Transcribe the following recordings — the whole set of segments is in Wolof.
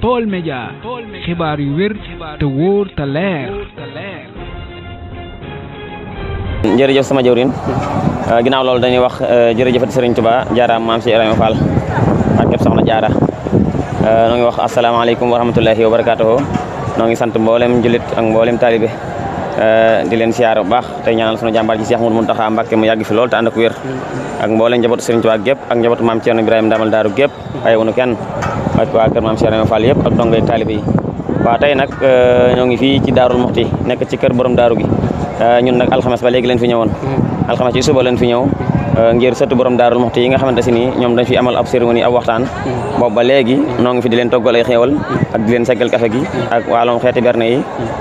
Baol Médias xibaar yu wér te wóor te leer. jërëjëf sama jawrin euh, ginnaaw loolu dañuy wax euh, jërëjëfati Serigne Touba jaaraam maam si Ibrahima Fall ak képp soxna jaara euh, noo ngi wax asalaamaaleykum wa rahmatullahi wa barakaatuhu noo ngi sant mboolem jullit ak mboolem taalibe Eh, di leen siyaar a baax te ñaanal sunu jàmbaar ji Cheikh Mouhamadou a Mbacké mu yàgg fi lool te ànd ak wér ak mbooleem njabootu Serigne Touba gépp ak njabootu maam Thierno Ibrahima Damal Daaru gépp waaye wunu kenn ak waa kër maam Thierno Fall yëpp ak dongay taalibe yi waaw tey nag eh, ñoo ngi ci Daarul Muxti nekk ci kër borom daaru gi eh, ñun nag alxames ba léegi leen fi ñëwoon hmm. alxames ci suba leen fi ñëw Euh, ngir sëttu borom daarul muxti yi nga xamante si ni ñoom dañ fi amal ab cérémonie ab waxtaan mm. boobu ba léegi noo ngi fi di leen toggal ay xewal mm. ak di leen seggal kafe gi mm. ak wàllum xeeti berne yi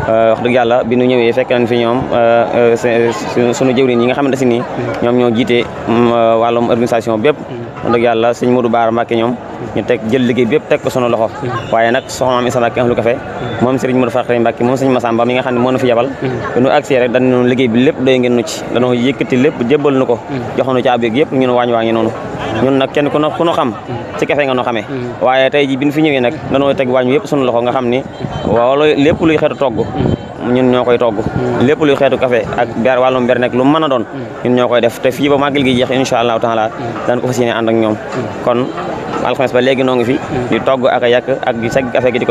euh, wax dëgg yàlla bi nu ñëwee fekk nañ fi ñoom euh, suñu jëwriñ yi nga xamante si ni ñoom ñoo jiite wàllum organisation bépp wax dëgg yàlla sëñ Modou Baara Mbacke ñoom ñu teg jël liggéey bi yëpp teg ko sunu loxo waaye nag soxna Maam Issa Mbacke Ahlu Café moom Serigne Modou Fakhri Mbacke moom Serigne Massamba mi nga xam moo nu fi yabal ñu agsi rek dañu noonu liggéey nu ci no ku no xam ci café nga no xamee waaye tey ji bi ñu fi ñëwee nag dañoo teg waañ yëpp sunu loxo nga xam ni wala lépp luy xeetu togg ñun ñoo koy togg lépp luy xeetu café ak ber wàllum ber nekk lu mën a doon ñu ñoo koy def te fii ba màggal gi jeex incha allahu taala daan ko fas yéene ànd ñoom alxames ba léegi noo ngi fi di togg ak a yàq ak di segg café gi di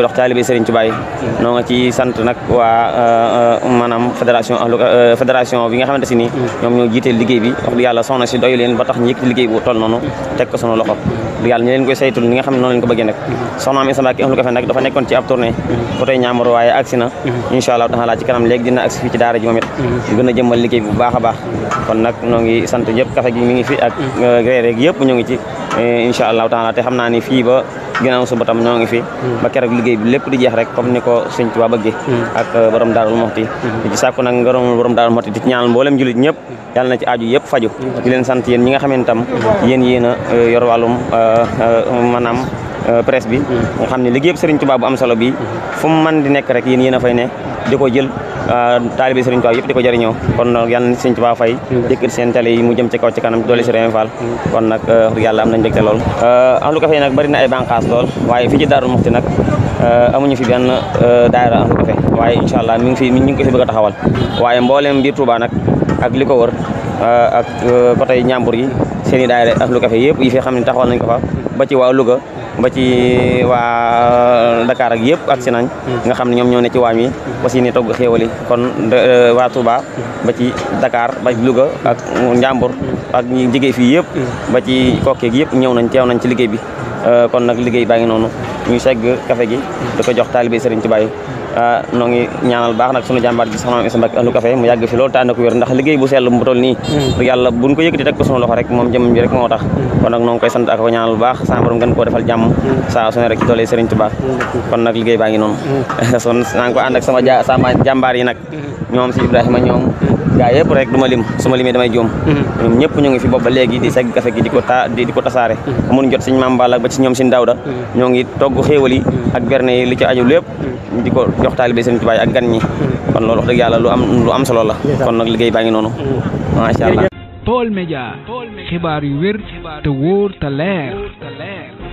ci sant nag waa euh, euh, maanaam fédération euh, fédération bi nga xamante si nii ñoom ñoo jiite liggéey bi wax du yàlla soxna si doy leen ba tax ñu yëkkati liggéey bu toll noonu teg ko sunu loxo du yàlla ñu leen koy saytul noonu leen ko bëggee nag soxna am instant ak ahlu café nag dafa nekkoon ci ab tournée mm-hmm. côté Ñaamar waaye agsi na mm-hmm. incha allah taala laa ci kanam léegi dina agsi fii ci daara ji moom it mm-hmm. a jëmmal liggéey bu baax a baax kon nag noo sant Eh, incha allahu taala te xam naa ni fii ba ginnaaw suba tam ñoo fi hmm. ba keroog liggéey bi lépp di jeex rek comme ni ko sëñ Tuubaa bëggee hmm. ak eh, borom Daarul Muxti ci hmm. sàkku nag ngërëmul borom Daarul Muxti di mboolem jullit ñëpp yàlla na ci faju di leen sant ñi nga xamante tam yéen yéen a eh, yor wàllum Euh, presse bi mm-hmm. xam ne liggéeyub Serigne Touba bu am solo bi mm-hmm. fu mu mën di nekk rek yéen yéen a fay ne di ko jël euh, taalibe Serigne Touba yëpp di ko jëriñoo kon nag yal na Serigne Touba fay dëkkat mm-hmm. seen télé yi mu jëm ci kaw ci kanam doole Serigne kon nag euh, yàlla am nañ mbégte lool Ahlu Café nag bari na ay bànqaas lool waaye fii ci Daaru Muxti nag amuñu fi benn daayira waaye incha allah mi ngi fi mi ngi ko fi a taxawal waaye mbooleem biir Touba nag ak li ko wër ak côté ñàmbur yi seen i daayira Ahlu Café yëpp yi fi xam ne taxawal nañ ko fa ba ci waa Louga ba ci waa Dakar ak yëpp ak si nañ mm-hmm. nga xam ne ñoom ñoo ne ci waañ wi mm-hmm. aussi ni togg xéewali kon euh, waa Touba mm-hmm. ba ci dakaar ba ci Louga ak Njàmbur ak ñi jigéey fii yëpp ba ci kokkeeg yëpp ñëw nañ teew nañ ci liggéey bi euh, kon nag liggéey baa ngi noonu ñu segg café gi da ko jox taalibe Sëriñ ci yi noo ngi ñaanal baax nag sunu jàmbaar gi soxna Issa Mbacke ahlu café mu yàgg fi loolu te ànd ko wér ndax liggéey bu sell mu toll nii mm. yàlla buñ ko yëkkati rek moo tax mm. kon nag koy sant ak ko ñaanal baax sa borom gën koo defal jàmm mm. saa su rek doole Serigne Touba kon nag liggéey baa ngi noonu son naa ngi ko sama sama nag ñoom si Ibrahima ñoom gaa yëpp rek du ma lim su ma limee damay juum mhm. ñoom ñëpp ñu ngi fi booba léegi di segg café gi di ko ta di ko tasaare mhm. amun jot siñ maam Balla ba ci ñoom siñ Daawda mhm. ñoo ngi togg xéewal yi ak berne yi li ci aju lépp di ko jox taalibe Sëriñ Tuubaa ak gan ñi kon loolu wax lu am solo la kon nag liggéey baa ngi noonu macha allah Baol Medias xibaar yu wér te wóor te leer